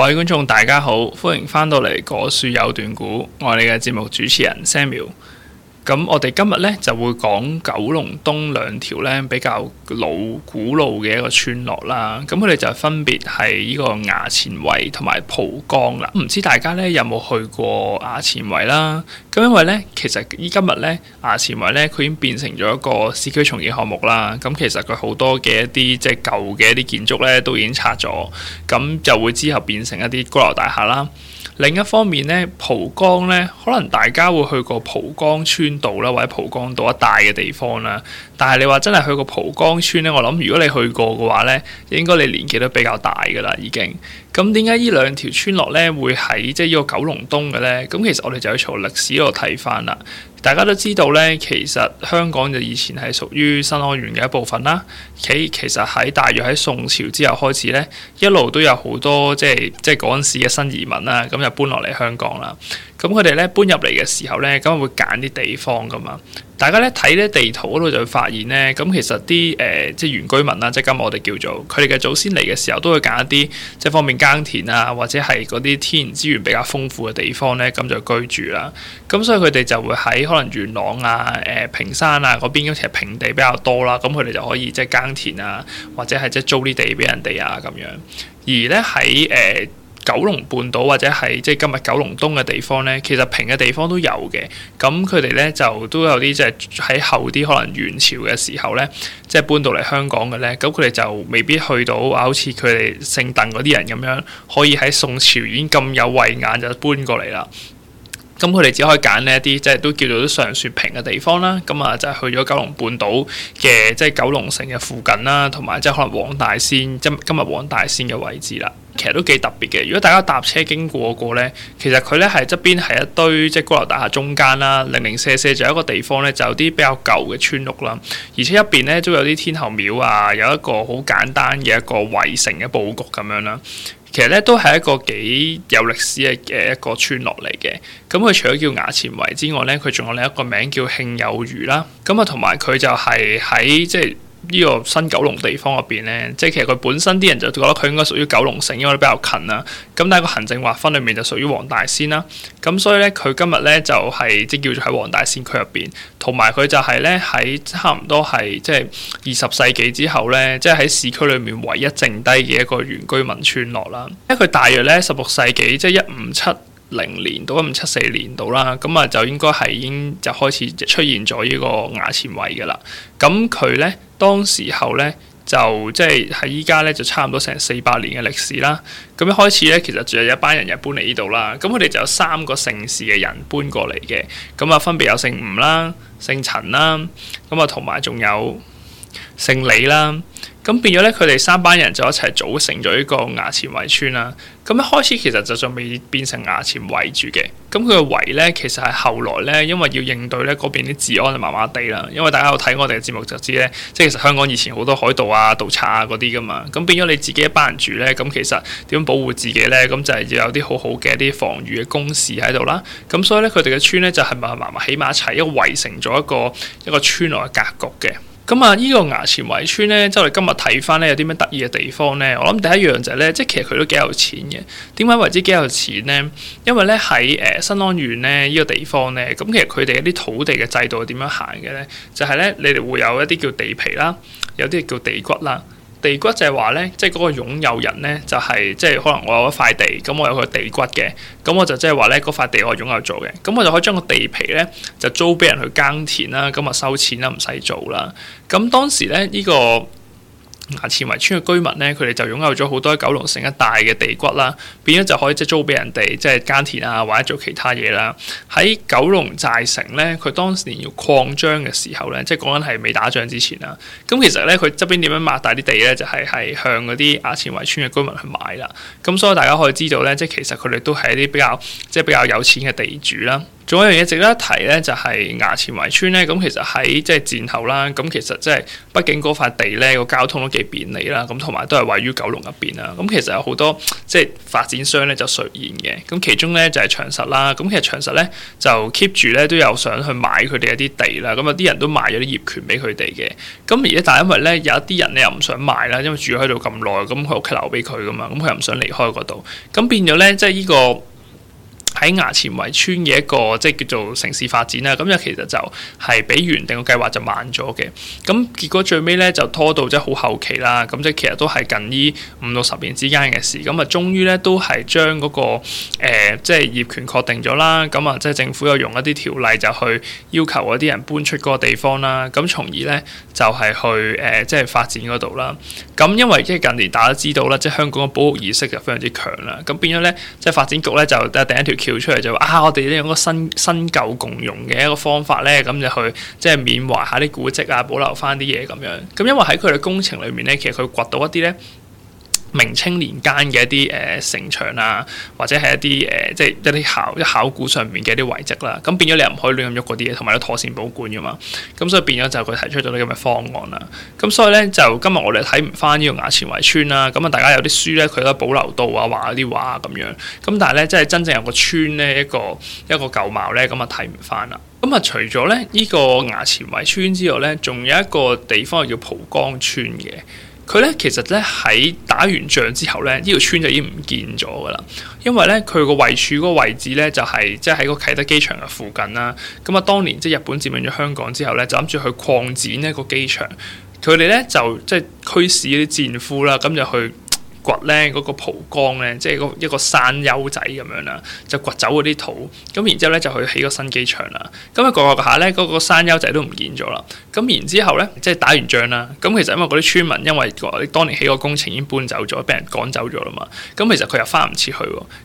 各位觀眾，大家好，歡迎翻到嚟《果樹有段古》，我哋嘅節目主持人 Samuel。咁我哋今日咧就會講九龍東兩條咧比較老古老嘅一個村落啦。咁佢哋就分別係呢個衙前圍同埋蒲崗啦。唔知大家咧有冇去過衙前圍啦？咁因為咧，其實依今日咧衙前圍咧，佢已經變成咗一個市區重建項目啦。咁其實佢好多嘅一啲即係舊嘅一啲建築咧，都已經拆咗，咁就會之後變成一啲高樓大廈啦。另一方面咧，蒲江咧，可能大家會去過蒲江村道啦，或者蒲江道一帶嘅地方啦。但係你話真係去過蒲江村咧，我諗如果你去過嘅話咧，應該你年紀都比較大㗎啦，已經。咁點解呢兩條村落咧會喺即係呢個九龍東嘅呢？咁其實我哋就要從歷史度睇翻啦。大家都知道呢，其實香港就以前係屬於新安縣嘅一部分啦。其其實喺大約喺宋朝之後開始呢，一路都有好多即係即係嗰陣時嘅新移民啦。咁搬落嚟香港啦，咁佢哋咧搬入嚟嘅時候咧，咁會揀啲地方噶嘛？大家咧睇啲地圖嗰度就會發現咧，咁其實啲誒即係原居民啦，即係今日我哋叫做佢哋嘅祖先嚟嘅時候，都會揀一啲即係方便耕田啊，或者係嗰啲天然資源比較豐富嘅地方咧，咁就居住啦。咁所以佢哋就會喺可能元朗啊、誒屏山啊嗰邊，其實平地比較多啦，咁佢哋就可以即係耕田啊，或者係即係租啲地俾人哋啊咁樣。而咧喺誒。呃九龍半島或者係即係今日九龍東嘅地方呢，其實平嘅地方都有嘅。咁佢哋呢，就都有啲即係喺後啲可能元朝嘅時候呢，即係搬到嚟香港嘅呢。咁佢哋就未必去到啊，好似佢哋姓鄧嗰啲人咁樣，可以喺宋朝已經咁有慧眼就搬過嚟啦。咁佢哋只可以揀呢一啲，即係都叫做啲上雪坪嘅地方啦。咁啊，就係去咗九龍半島嘅，即係九龍城嘅附近啦，同埋即係可能黃大仙，今今日黃大仙嘅位置啦。其實都幾特別嘅。如果大家搭車經過過呢，其實佢呢係側邊係一堆即係高樓大廈中間啦，零零舍舍就有一個地方呢，就有啲比較舊嘅村屋啦。而且一邊呢都有啲天后廟啊，有一個好簡單嘅一個圍城嘅佈局咁樣啦。其實咧都係一個幾有歷史嘅嘅一個村落嚟嘅，咁、嗯、佢除咗叫衙前圍之外咧，佢仲有另一個名叫慶有餘啦，咁啊同埋佢就係喺即係。呢個新九龍地方入邊咧，即係其實佢本身啲人就覺得佢應該屬於九龍城，因為比較近啦。咁但係個行政劃分裏面就屬於黃大仙啦。咁所以咧，佢今日咧就係即叫做喺黃大仙區入邊，同埋佢就係咧喺差唔多係即係二十世紀之後咧，即係喺市區裏面唯一剩低嘅一個原居民村落啦。因為佢大約咧十六世紀，即係一五七零年到一五七四年度啦，咁啊就應該係已經就開始出現咗呢個牙前位嘅啦。咁佢咧當時候咧就即係喺依家咧就差唔多成四百年嘅歷史啦。咁一開始咧其實仲有一班人入搬嚟呢度啦。咁佢哋就有三個姓氏嘅人搬過嚟嘅。咁啊分別有姓吳啦、姓陳啦，咁啊同埋仲有。姓李啦，咁變咗咧，佢哋三班人就一齊組成咗一個衙前圍村啦。咁一開始其實就仲未變成衙前圍住嘅。咁佢嘅圍咧，其實係後來咧，因為要應對咧嗰邊啲治安啊麻麻地啦。因為大家有睇我哋嘅節目就知咧，即係其實香港以前好多海盜啊、盜賊啊嗰啲㗎嘛。咁變咗你自己一班人住咧，咁其實點保護自己咧？咁就係要有啲好好嘅一啲防禦嘅工事喺度啦。咁所以咧，佢哋嘅村咧就係麻麻麻麻起碼一齊，一個圍成咗一個一個村落嘅格局嘅。咁啊，呢、嗯這個衙前圍村咧，周黎今日睇返咧，有啲咩得意嘅地方咧？我諗第一樣就係、是、咧，即係其實佢都幾有錢嘅。點解為之幾有錢咧？因為咧喺誒新安縣咧呢、這個地方咧，咁、嗯、其實佢哋一啲土地嘅制度係點樣行嘅咧？就係、是、咧，你哋會有一啲叫地皮啦，有啲叫地骨啦。地骨就係話咧，即係嗰個擁有人咧、就係，就係即係可能我有一塊地，咁我有個地骨嘅，咁我就即係話咧，嗰塊地我擁有做嘅，咁我就可以將個地皮咧就租俾人去耕田啦，咁啊收錢啦，唔使做啦。咁當時咧呢、呢個。牙前圍村嘅居民咧，佢哋就擁有咗好多九龍城一帶嘅地骨啦，變咗就可以即係租俾人哋即係耕田啊，或者做其他嘢啦。喺九龍寨城咧，佢當時要擴張嘅時候咧，即係講緊係未打仗之前啦。咁其實咧，佢側邊點樣擘大啲地咧，就係、係、係向嗰啲牙前圍村嘅居民去買啦。咁所以大家可以知道咧，即係其實佢哋都係一啲比較即係比較有錢嘅地主啦。仲有一樣嘢值得一提咧，就係、是、牙前圍村咧。咁其實喺即係戰後啦，咁其實即係畢竟嗰塊地咧個交通都幾便利啦。咁同埋都係位於九龍入邊啦。咁其實有好多即係發展商咧就垂涎嘅。咁其中咧就係、是、長實啦。咁其實長實咧就 keep 住咧都有想去買佢哋一啲地啦。咁有啲人都賣咗啲業權俾佢哋嘅。咁而家但因為咧有一啲人咧又唔想賣啦，因為，因為，因為住喺度咁耐，咁佢屋企留俾佢噶嘛，咁佢又唔想離開嗰度，咁變咗咧即係、這、呢個。喺衙前圍村嘅一個即係叫做城市發展啦，咁樣其實就係比原定嘅計劃就慢咗嘅，咁結果最尾咧就拖到即係好後期啦，咁即係其實都係近呢五六十年之間嘅事，咁啊終於咧都係將嗰個、呃、即係業權確定咗啦，咁啊即係政府又用一啲條例就去要求嗰啲人搬出嗰個地方啦，咁從而咧就係、是、去誒、呃、即係發展嗰度啦，咁因為即係近年大家知道啦，即係香港嘅保育意識就非常之強啦，咁變咗咧即係發展局咧就定一條調出嚟就話啊，我哋呢種個新新舊共融嘅一個方法咧，咁就去即係緬懷下啲古跡啊，保留翻啲嘢咁樣。咁因為喺佢嘅工程裏面咧，其實佢掘到一啲咧。明清年間嘅一啲誒城牆啊，或者係一啲誒、呃、即係一啲考一考古上面嘅一啲遺跡啦，咁變咗你又唔可以亂咁喐嗰啲嘢，同埋你妥善保管噶嘛，咁所以變咗就佢提出咗啲咁嘅方案啦。咁所以咧就今日我哋睇唔翻呢個衙前圍村啦。咁啊，大家有啲書咧佢都保留到啊，畫咗啲畫咁樣。咁但係咧即係真正有個村咧，一個一個舊貌咧，咁啊睇唔翻啦。咁啊除咗咧呢、這個衙前圍村之外咧，仲有一個地方係叫蒲崗村嘅。佢咧其實咧喺打完仗之後咧，呢條村就已經唔見咗㗎啦。因為咧佢個位處嗰個位置咧，就係即係喺個啟德機場嘅附近啦。咁啊，當年即係日本佔領咗香港之後咧，就諗住去擴展呢個機場。佢哋咧就即係驅使啲戰俘啦，咁就去。掘咧嗰個蒲崗咧，即係一個山丘仔咁樣啦，就掘走嗰啲土，咁然之後咧就去起個新機場啦。咁啊，嗰下咧嗰個山丘仔都唔見咗啦。咁然之後咧，即係打完仗啦。咁其實因為嗰啲村民因為嗰當年起個工程已經搬走咗，俾人趕走咗啦嘛。咁其實佢又翻唔切去。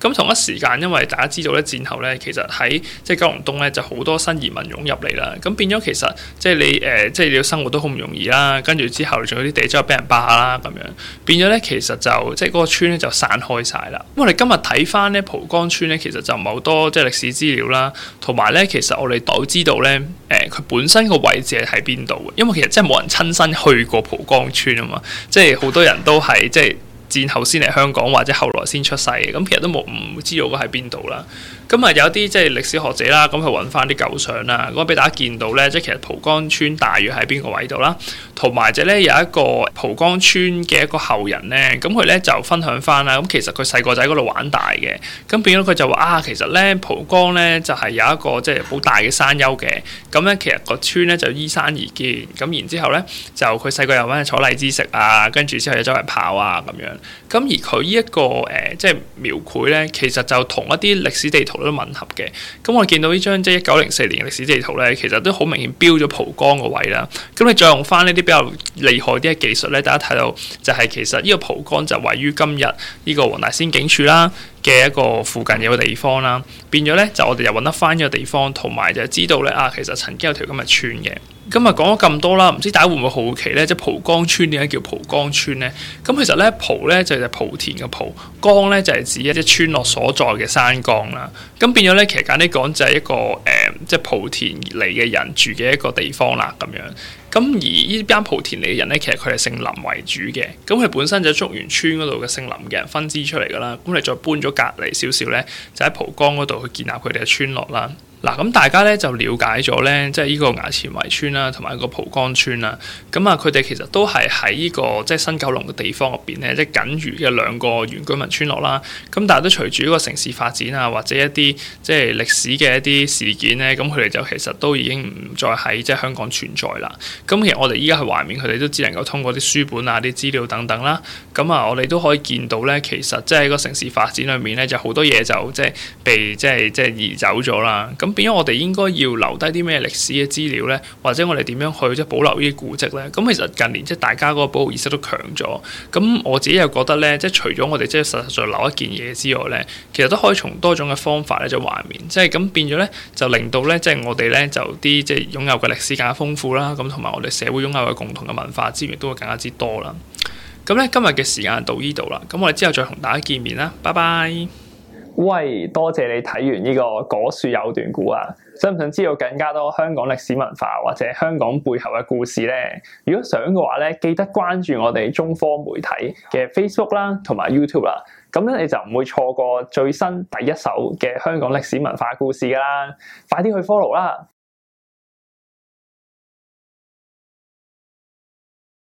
咁同一時間，因為大家知道咧戰後咧，其實喺即係九龍東咧就好多新移民湧入嚟啦。咁變咗其實即係你誒，即係你、呃、即你生活都好唔容易啦。跟住之後仲有啲地積俾人霸啦咁樣，變咗咧其實就。即係嗰個村咧就散開晒啦。咁我哋今日睇翻咧蒲崗村咧，其實就唔係好多即係歷史資料啦。同埋咧，其實我哋都知道咧，誒、呃，佢本身個位置係喺邊度嘅？因為其實真係冇人親身去過蒲崗村啊嘛。即係好多人都係即係戰後先嚟香港，或者後來先出世嘅。咁、嗯、其實都冇唔知道佢喺邊度啦。咁啊有啲即係歷史學者啦，咁去揾翻啲舊相啦，咁俾大家見到咧，即係其實蒲崗村大約喺邊個位度啦，同埋者咧有一個蒲崗村嘅一個後人咧，咁佢咧就分享翻啦，咁其實佢細個仔喺嗰度玩大嘅，咁變咗佢就話啊，其實咧蒲崗咧就係有一個即係好大嘅山丘嘅，咁咧其實個村咧就依山而建，咁然後呢之後咧就佢細個又玩坐荔枝食啊，跟住之後又周圍跑啊咁樣，咁而佢呢一個誒即係描繪咧，其實就同一啲歷史地圖都吻合嘅，咁我見到呢張即係一九零四年嘅歷史地圖咧，其實都好明顯標咗蒲江個位啦。咁你再用翻呢啲比較厲害啲嘅技術咧，大家睇到就係其實呢個蒲江就位於今日呢個黃大仙警署啦嘅一個附近有個地方啦，變咗咧就我哋又搵得翻嘅地方，同埋就知道咧啊，其實曾經有條咁嘅村嘅。 今日講咗咁多啦，唔知大家會唔會好奇咧？即蒲崗村點解叫蒲崗村咧？咁其實咧，蒲咧就係莆田嘅蒲，崗咧就係指一啲村落所在嘅山崗啦。咁變咗咧，期間呢講就係一個誒、呃，即莆田嚟嘅人住嘅一個地方啦咁樣。咁而呢邊莆田嚟嘅人咧，其實佢係姓林為主嘅。咁佢本身就竹園村嗰度嘅姓林嘅人分支出嚟噶啦。咁你再搬咗隔離少少咧，就喺蒲崗嗰度去建立佢哋嘅村落啦。嗱，咁大家咧就了解咗咧，即係呢個衙前圍村啦，同埋個蒲崗村啦。咁啊，佢哋其實都係喺呢個即係新九龍嘅地方入邊咧，即係僅餘嘅兩個原居民村落啦。咁但係都隨住呢個城市發展啊，或者一啲即係歷史嘅一啲事件咧，咁佢哋就其實都已經唔再喺即係香港存在啦。咁其實我哋依家去懷念佢哋，都只能夠通過啲書本啊、啲資料等等啦。咁啊，我哋都可以見到咧，其實即係喺個城市發展裏面咧，就好多嘢就即係被即係即係移走咗啦。咁變咗我哋應該要留低啲咩歷史嘅資料咧，或者我哋點樣去即係保留呢啲古蹟咧？咁其實近年即係大家個保護意識都強咗，咁我自己又覺得咧，即係除咗我哋即係實實在留一件嘢之外咧，其實都可以從多種嘅方法咧就懷緬，即係咁變咗咧就令到咧即係我哋咧就啲即係擁有嘅歷史更加豐富啦，咁同埋我哋社會擁有嘅共同嘅文化資源都會更加之多啦。咁咧今日嘅時間到呢度啦，咁我哋之後再同大家見面啦，拜拜。喂，多謝你睇完呢、這個果樹有段古啊！想唔想知道更加多香港歷史文化或者香港背後嘅故事呢？如果想嘅話咧，記得關注我哋中科媒體嘅 Facebook 啦，同埋 YouTube 啦。咁咧你就唔會錯過最新第一手嘅香港歷史文化故事噶啦！快啲去 follow 啦！